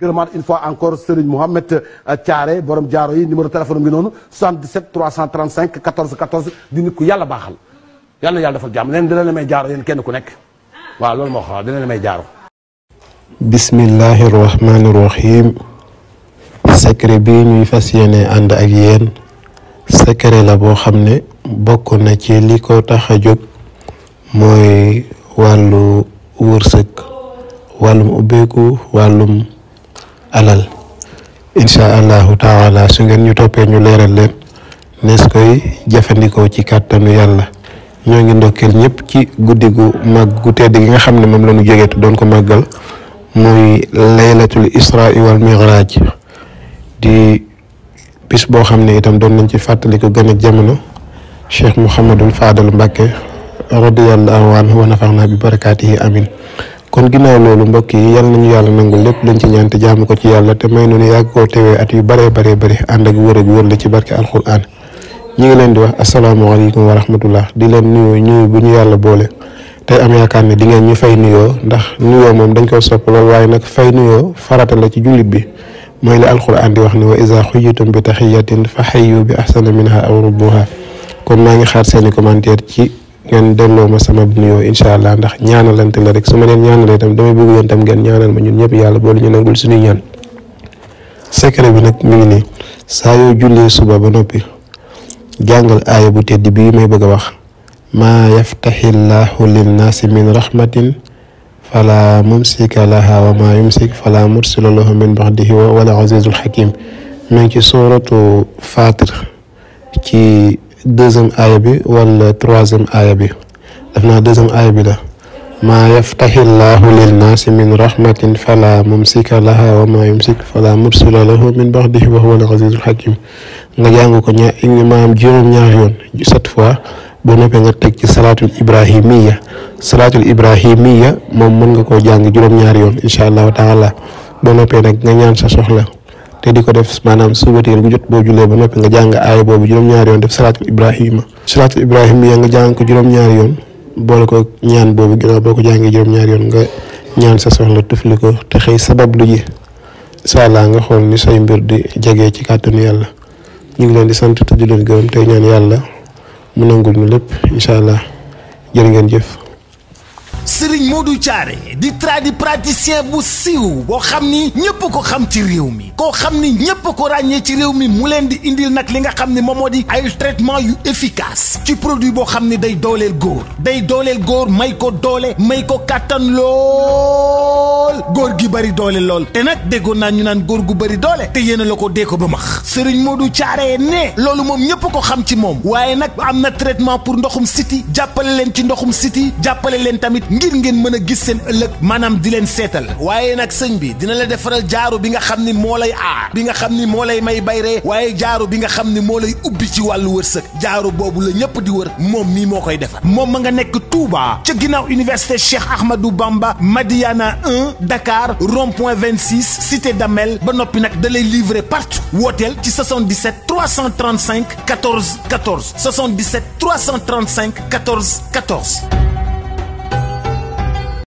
gërëmaat une fois encore Serigne Mohamed Thiaré borom jaaro yi numéro téléphone ngi noonu 77 335 14 14 di nit ku yàlla baaxal yàlla na yàlla dafa jàmm leen dina la may jaaro yéen kenn ku nekk waaw loolu moo xaw dina la may jaaro. bismillahi rahmaani rahim secret bi ñuy fas yéene ànd ak yéen secret la boo xam ne bokk na ci li ko tax a jóg mooy wàllu wërsëg wàllum ubbeeku wàllum. alal incha allahu taala su ngeen ñu toppee ñu leeral leen nees koy jëfandikoo ci kàttanu yàlla ñoo ngi ndokkeel ñëpp ci guddi gu mag gu tedd gi nga xam ne moom la ñu jógee doon ko màggal muy laylatul isra wal mi'raj di bis boo xam ne itam doon nañ ci fàttaliku gën ak jamono cheikh Mouhamadul Fadal Mbacke radiyallahu anhu wa nafaxna bi barakaatihi amin kon ginnaaw loolu mbokk yi yal nañu yàlla nangul lépp luñ ci ñaan te jaamu ko ci yàlla te may nu yàgg koo tewee at yu baree baree bëri ànd ak wër ak wër la ci barke alxuraan ñi ngi leen di wax asalaamaaleykum wa rahmatullah di leen nuyu nuyu bu ñu yàlla boole tey am yaakaar ne di ngeen ñu fay nuyoo ndax nuyoo moom dañ ko sopp lool waaye nag fay nuyoo farata la ci jullit bi mooy la alxuraan di wax ne wa iza xuyitum bi taxiyatin fa xayu bi axsana minha aw rubbuha kon maa ngi xaar seeni commentaire ci ngeen delloo ma sama nuyoo incha allah ndax ñaanalante la rek su ma leen ñaanalee tam damay bëgg yéen tam ngeen ñaanal ma ñun ñëpp yàlla boole ñu nangul suñuy ñaan secret bi nag mi nii saa yoo jullee suba ba noppi jàngal aaya bu tedd bii may bëgg a wax maa yaftaxillaahu linnaasi min rahmatin fala mumsika laha wa maa yumsik fala mursila lahu min baxdihi wala azizul xakim ma ci sooratu fatir deuxième aaya bi wala troisième aaya bi def naa deuxième aaya bi la maa yaftahi llaahu linnaasi min rahmatin fala mumsika laha wa maa yumsik fala mursila lahu min baxdihi wa huwa al-azizul hakim nga jàng ko ña maanaam juróom-ñaar yoon sept fois boo noppee nga teg ci salaatul ibrahimiya salaatul ibrahimiya moom mën nga koo jàng juróom-ñaar yoon incha allahu taala boo noppee nag nga ñaan sa soxla te diko def manam suba bu jot bo julé ba nopi nga jang ay bobu juróom ñaar yoon def salatu ibrahima salatu ibrahim ya nga jang ko juróom-ñaari yoon boole ko ñaan bobu gëna boko ko jàngee ñaar yoon nga ñaan sa soxla tufli ko te xey sabab lu ji sala nga xol ni say mbir di jege ci kàttanu yalla ñu ngi leen di sant te di leen gëm te ñaan yalla mu nangul ñu lepp inshallah allah ngeen jëf Serigne Modou Thiaré di tradipraticien bu siiw boo xam ni ñëpp ko xam ci réew mi koo xam ni ñëpp ko ràññee ci réew mi mu leen di indil nag li nga xam ne moom moo di ay traitement yu efficace ci produit boo xam ni day dooleel góor day dooleel góor may ko doole may ko kàttan lool góor gi bari doole lool te nag déggoon naa ñu naan góor gu bari doole te yéen la ko dee ko ba max Serigne Modou Thiaré ne loolu moom ñëpp ko xam ci moom waaye nag am na traitement pour ndoxum siti jàppale leen ci ndoxum siti jàppale leen tamit ngir ngeen mën a gis seen ëllëg maanaam di leen seetal waaye nag sëñ bi dina la defaral jaaro bi nga xam ni moo lay aar bi nga xam ni moo lay may bayree waaye jaaro bi nga xam ni moo lay ubbi ci wàllu wërsëg jaaro boobu la ñëpp di wër moom mii moo koy defar moom ma nga nekk Touba ca ginnaaw université Cheikh Ahmadou Bamba Madiana 1 Dakar rond-point 26 cité Damel ba noppi nag da lay livrer partout wooteel ci 77 335 14 14 77 335 14 14